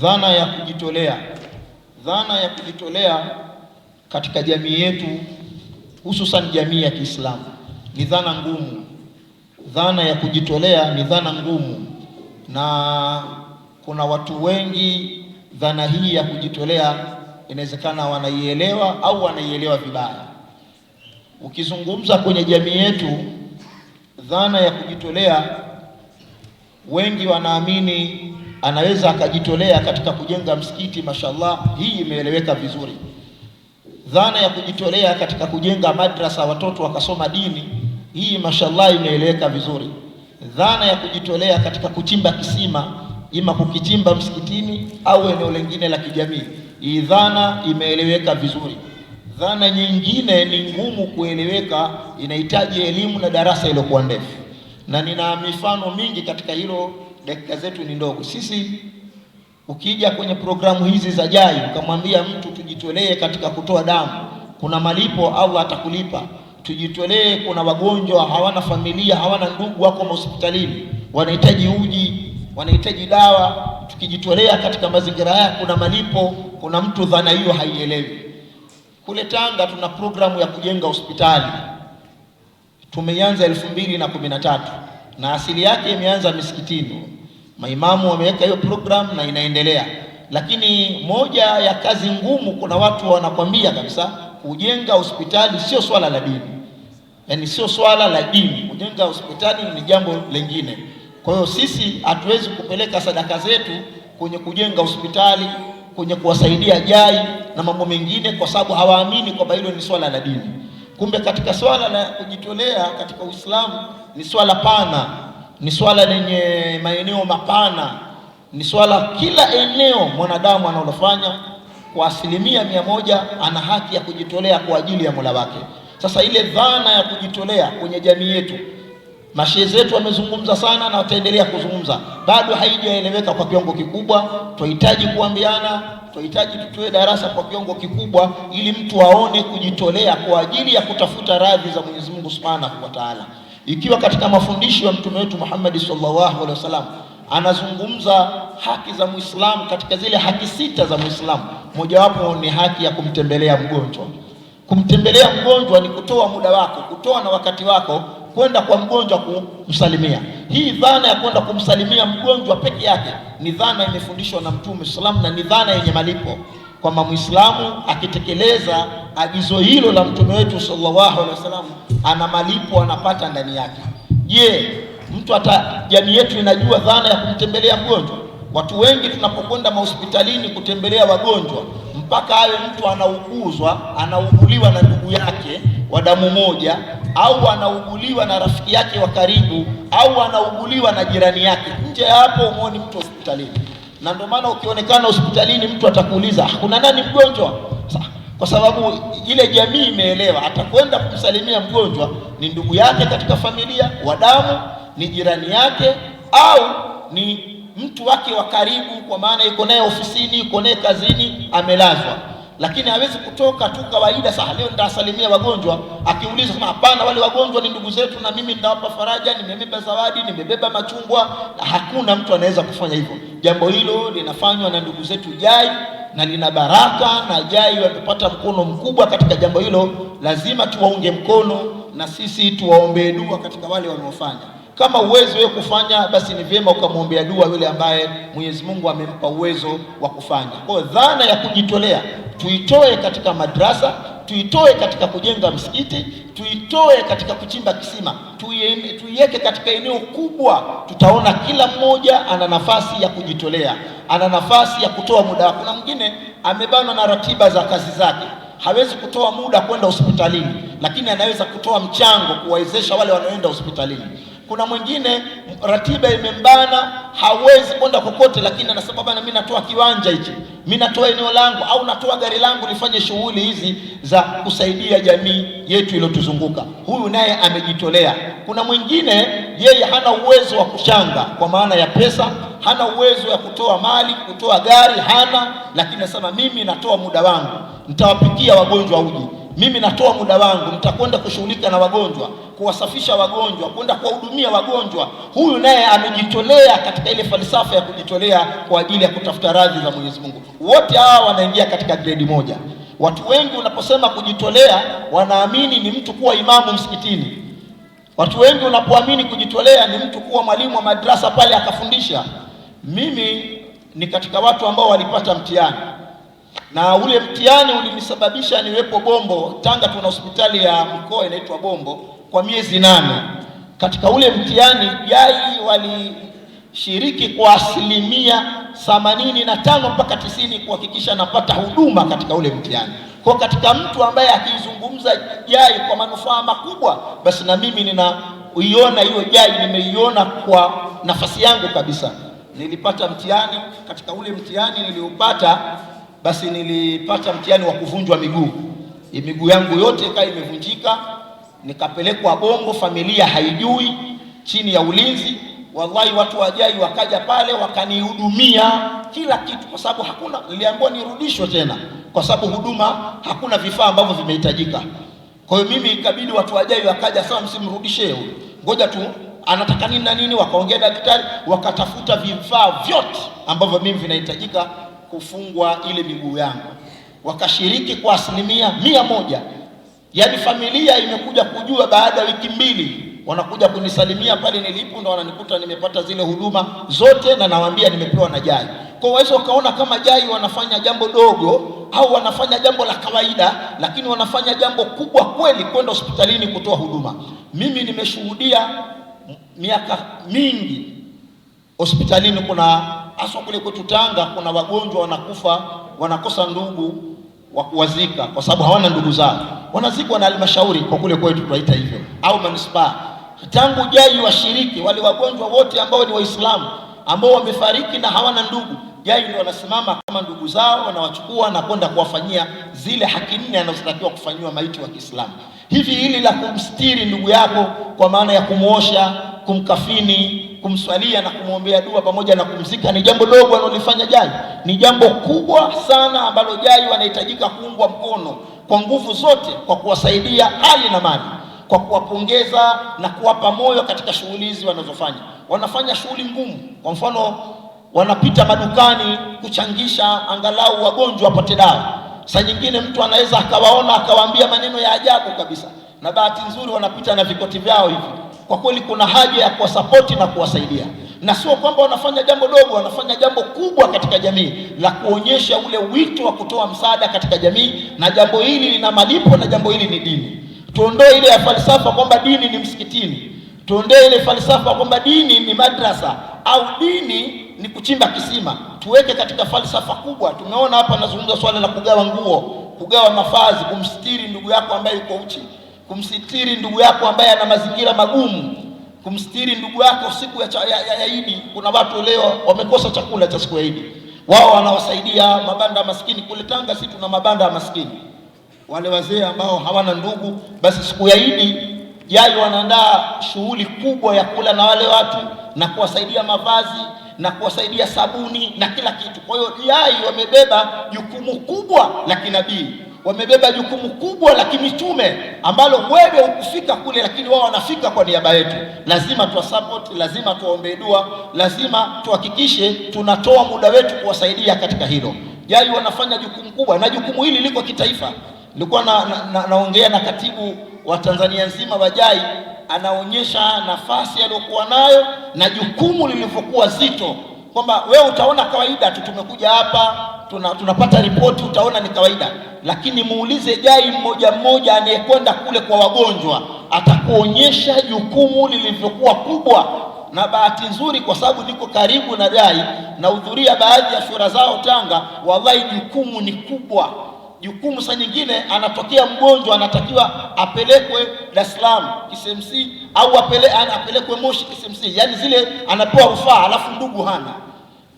Dhana ya kujitolea, dhana ya kujitolea katika jamii yetu hususan jamii ya Kiislamu ni dhana ngumu. Dhana ya kujitolea ni dhana ngumu, na kuna watu wengi dhana hii ya kujitolea inawezekana wanaielewa au wanaielewa vibaya. Ukizungumza kwenye jamii yetu dhana ya kujitolea, wengi wanaamini anaweza akajitolea katika kujenga msikiti. Mashallah, hii imeeleweka vizuri. Dhana ya kujitolea katika kujenga madrasa watoto wakasoma dini, hii mashallah imeeleweka vizuri. Dhana ya kujitolea katika kuchimba kisima, ima kukichimba msikitini au eneo lingine la kijamii, hii dhana imeeleweka vizuri. Dhana nyingine ni ngumu kueleweka, inahitaji elimu na darasa iliyokuwa ndefu, na nina mifano mingi katika hilo dakika zetu ni ndogo. Sisi ukija kwenye programu hizi za JAI ukamwambia mtu tujitolee katika kutoa damu, kuna malipo, au atakulipa. Tujitolee, kuna wagonjwa hawana familia, hawana ndugu, wako hospitalini, wanahitaji uji, wanahitaji dawa. Tukijitolea katika mazingira haya, kuna malipo. Kuna mtu dhana hiyo haielewi. Kule Tanga tuna programu ya kujenga hospitali tumeianza elfu mbili na kumi na tatu na asili yake imeanza misikitini. Maimamu wameweka hiyo program na inaendelea, lakini moja ya kazi ngumu, kuna watu wanakwambia kabisa kujenga hospitali sio swala la dini, yaani sio swala la dini. Kujenga hospitali ni jambo lingine. Kwa hiyo sisi hatuwezi kupeleka sadaka zetu kwenye kujenga hospitali, kwenye kuwasaidia jai na mambo mengine, kwa sababu hawaamini kwamba hilo ni swala la dini. Kumbe katika swala la kujitolea katika Uislamu ni swala pana ni swala lenye maeneo mapana, ni swala kila eneo mwanadamu analofanya kwa asilimia mia moja ana haki ya kujitolea kwa ajili ya Mola wake. Sasa ile dhana ya kujitolea kwenye jamii yetu, mashehe zetu wamezungumza sana na wataendelea kuzungumza, bado haijaeleweka kwa kiwango kikubwa. Tunahitaji kuambiana, tunahitaji tutoe darasa kwa kiwango kikubwa, ili mtu aone kujitolea kwa ajili ya kutafuta radhi za Mwenyezi Mungu Subhanahu wa Ta'ala ikiwa katika mafundisho ya mtume wetu Muhammad sallallahu alaihi wasallam anazungumza haki za Muislamu. Katika zile haki sita za Muislamu, mojawapo ni haki ya kumtembelea mgonjwa. Kumtembelea mgonjwa ni kutoa muda wako, kutoa na wakati wako kwenda kwa mgonjwa kumsalimia. Hii dhana ya kwenda kumsalimia mgonjwa peke yake ni dhana imefundishwa na Mtume wasallam na ni dhana yenye malipo kwamba Mwislamu akitekeleza agizo hilo la mtume wetu sallallahu alaihi wasallam ana malipo anapata ndani yake. Je, mtu hata jamii yetu inajua dhana ya kumtembelea mgonjwa? Watu wengi tunapokwenda mahospitalini kutembelea wagonjwa, mpaka awe mtu anauguzwa, anauguliwa na ndugu yake wa damu moja, au anauguliwa na rafiki yake wa karibu, au anauguliwa na jirani yake. Nje ya hapo, umuoni mtu hospitalini na ndio maana ukionekana hospitalini mtu atakuuliza kuna nani mgonjwa, kwa sababu ile jamii imeelewa, atakwenda kumsalimia mgonjwa ni ndugu yake katika familia wa damu, ni jirani yake, au ni mtu wake wa karibu, kwa maana iko naye ofisini, iko naye kazini, amelazwa. Lakini hawezi kutoka tu kawaida, saa leo nitawasalimia wagonjwa, akiuliza kama hapana, wale wagonjwa ni ndugu zetu, na mimi nitawapa faraja, nimebeba zawadi, nimebeba machungwa, na hakuna mtu anaweza kufanya hivyo. Jambo hilo linafanywa na ndugu zetu JAI na lina baraka, na JAI wamepata mkono mkubwa katika jambo hilo. Lazima tuwaunge mkono na sisi tuwaombee dua katika wale wanaofanya. Kama uwezo wewe kufanya, basi ni vyema ukamwombea dua yule ambaye Mwenyezi Mungu amempa uwezo wa kufanya. Kwa dhana ya kujitolea tuitoe katika madrasa tuitoe katika kujenga msikiti, tuitoe katika kuchimba kisima, tuiweke katika eneo kubwa. Tutaona kila mmoja ana nafasi ya kujitolea, ana nafasi ya kutoa muda. Kuna mwingine amebanwa na ratiba za kazi zake, hawezi kutoa muda kwenda hospitalini, lakini anaweza kutoa mchango kuwawezesha wale wanaoenda hospitalini. Kuna mwingine ratiba imembana, hawezi kwenda kokote, lakini anasema bana, mimi natoa kiwanja hichi mimi natoa eneo langu au natoa gari langu nifanye shughuli hizi za kusaidia jamii yetu iliyotuzunguka. Huyu naye amejitolea. Kuna mwingine yeye hana uwezo wa kuchanga kwa maana ya pesa, hana uwezo wa kutoa mali, kutoa gari hana, lakini nasema mimi natoa muda wangu, nitawapikia wagonjwa uji mimi natoa muda wangu, nitakwenda kushughulika na wagonjwa, kuwasafisha wagonjwa, kwenda kuwahudumia wagonjwa. Huyu naye amejitolea katika ile falsafa ya kujitolea kwa ajili ya kutafuta radhi za Mwenyezi Mungu. Wote hawa wanaingia katika gredi moja. Watu wengi unaposema kujitolea, wanaamini ni mtu kuwa imamu msikitini. Watu wengi unapoamini kujitolea, ni mtu kuwa mwalimu wa madrasa pale akafundisha. Mimi ni katika watu ambao walipata mtihani na ule mtihani ulinisababisha niwepo Bombo. Tanga tuna hospitali ya mkoa inaitwa Bombo kwa miezi nane. Katika ule mtihani jai walishiriki kwa asilimia themanini na tano mpaka tisini kuhakikisha napata huduma katika ule mtihani. Kwa katika mtu ambaye akizungumza jai kwa manufaa makubwa, basi na mimi ninaiona hiyo jai, nimeiona kwa nafasi yangu kabisa. Nilipata mtihani, katika ule mtihani niliupata basi nilipata mtihani wa kuvunjwa miguu, miguu yangu yote ikawa imevunjika, nikapelekwa Bongo, familia haijui, chini ya ulinzi. Wallahi, watu wajai wakaja pale wakanihudumia kila kitu, kwa sababu hakuna, niliambiwa nirudishwe tena, kwa sababu huduma hakuna vifaa ambavyo vimehitajika. Kwa hiyo mimi ikabidi watu wajai wakaja, sawa, msimrudishe huyo, ngoja tu anataka nini na nini. Wakaongea daktari, wakatafuta vifaa vyote ambavyo mimi vinahitajika kufungwa ile miguu yangu, wakashiriki kwa asilimia mia moja. Yaani familia imekuja kujua baada ya wiki mbili, wanakuja kunisalimia pale nilipo, ndo wananikuta nimepata zile huduma zote, na nawaambia nimepewa na JAI. Kwa waweza wakaona kama JAI wanafanya jambo dogo au wanafanya jambo la kawaida, lakini wanafanya jambo kubwa kweli, kwenda hospitalini kutoa huduma. Mimi nimeshuhudia miaka mingi hospitalini kuna haswa kule kwetu Tanga, kuna wagonjwa wanakufa, wanakosa ndugu wa kuwazika kwa sababu hawana ndugu zao, wanazikwa na halmashauri kwa kule kwetu tunaita hivyo, au manispaa. Tangu jai washiriki wale wagonjwa wote ambao ni Waislamu ambao wamefariki na hawana ndugu, jai ndio wanasimama kama ndugu zao, wanawachukua na kwenda kuwafanyia zile haki nne anazotakiwa kufanyiwa maiti wa Kiislamu. Hivi hili la kumstiri ndugu yako kwa maana ya kumwosha, kumkafini kumswalia na kumwombea dua pamoja na kumzika ni jambo dogo analolifanya Jai, ni jambo kubwa sana ambalo Jai wanahitajika kuungwa mkono kwa nguvu zote, kwa kuwasaidia hali na mali, kwa kuwapongeza na kuwapa moyo katika shughuli hizi wanazofanya. Wanafanya shughuli ngumu, kwa mfano wanapita madukani kuchangisha angalau wagonjwa wapate dawa. Saa nyingine mtu anaweza akawaona akawaambia maneno ya ajabu kabisa, na bahati nzuri wanapita na vikoti vyao hivi kwa kweli kuna haja ya kuwasapoti na kuwasaidia, na sio kwamba wanafanya jambo dogo, wanafanya jambo kubwa katika jamii la kuonyesha ule wito wa kutoa msaada katika jamii, na jambo hili lina malipo na jambo hili ni dini. Tuondoe ile ya falsafa kwamba dini ni msikitini, tuondoe ile falsafa kwamba dini ni madrasa au dini ni kuchimba kisima, tuweke katika falsafa kubwa. Tumeona hapa, nazungumza swala la kugawa nguo, kugawa mavazi, kumstiri ndugu yako ambaye yuko uchi kumsitiri ndugu yako ambaye ana mazingira magumu, kumsitiri ndugu yako siku ya, ya, ya, ya Idi. Kuna watu leo wamekosa chakula cha siku ya Idi, wao wanawasaidia mabanda ya maskini kule Tanga. Sisi tuna mabanda ya maskini, wale wazee ambao hawana ndugu, basi siku ya Idi jayo wanaandaa shughuli kubwa ya kula na wale watu na kuwasaidia mavazi na kuwasaidia sabuni na kila kitu. Kwa hiyo jai wamebeba jukumu kubwa la kinabii wamebeba jukumu kubwa la kimitume ambalo wewe hukufika kule, lakini wao wanafika kwa niaba yetu. Lazima tuwasapoti, lazima tuwaombee dua, lazima tuhakikishe tunatoa muda wetu kuwasaidia katika hilo. Jai wanafanya jukumu kubwa, na jukumu hili liko kitaifa. Nilikuwa na, na, na, naongea na katibu wa Tanzania nzima wa Jai, anaonyesha nafasi aliyokuwa nayo na jukumu lilivyokuwa zito, kwamba wewe utaona kawaida tu tumekuja hapa tuna, tunapata ripoti, utaona ni kawaida, lakini muulize jai mmoja mmoja anayekwenda kule kwa wagonjwa, atakuonyesha jukumu lilivyokuwa kubwa. Na bahati nzuri, kwa sababu niko karibu na jai, nahudhuria baadhi ya shura zao Tanga, wallahi jukumu ni kubwa jukumu saa nyingine anatokea mgonjwa anatakiwa apelekwe Dar es Salaam KCMC au apele, apelekwe Moshi KCMC, yani zile anapewa rufaa, alafu ndugu hana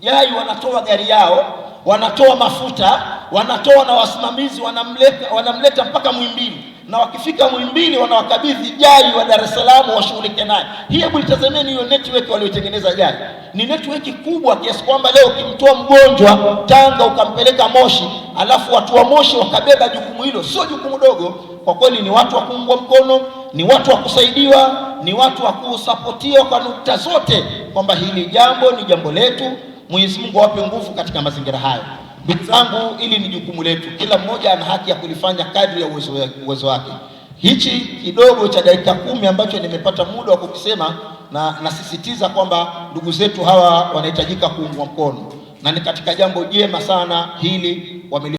jai, wanatoa gari yao wanatoa mafuta, wanatoa na wasimamizi, wanamleta wanamleta mpaka Mwimbili, na wakifika Mwimbili wanawakabidhi Jai wa Dar es Salaam washughulike naye. Hii, hebu itazameni hiyo network waliotengeneza Jai. Ni network kubwa kiasi kwamba leo ukimtoa mgonjwa Tanga ukampeleka Moshi, alafu watu wa Moshi wakabeba jukumu hilo, sio jukumu dogo kwa kweli. Ni watu wa kuungwa mkono, ni watu wa kusaidiwa, ni watu wa kusapotiwa kwa nukta zote, kwamba hili jambo ni jambo letu Mwenyezi Mungu awape nguvu katika mazingira hayo. Ndugu zangu, ili ni jukumu letu, kila mmoja ana haki ya kulifanya kadri ya uwezo wake. Hichi kidogo cha dakika kumi ambacho nimepata muda wa kukisema, na nasisitiza kwamba ndugu zetu hawa wanahitajika kuungwa mkono, na ni katika jambo jema sana hili wameli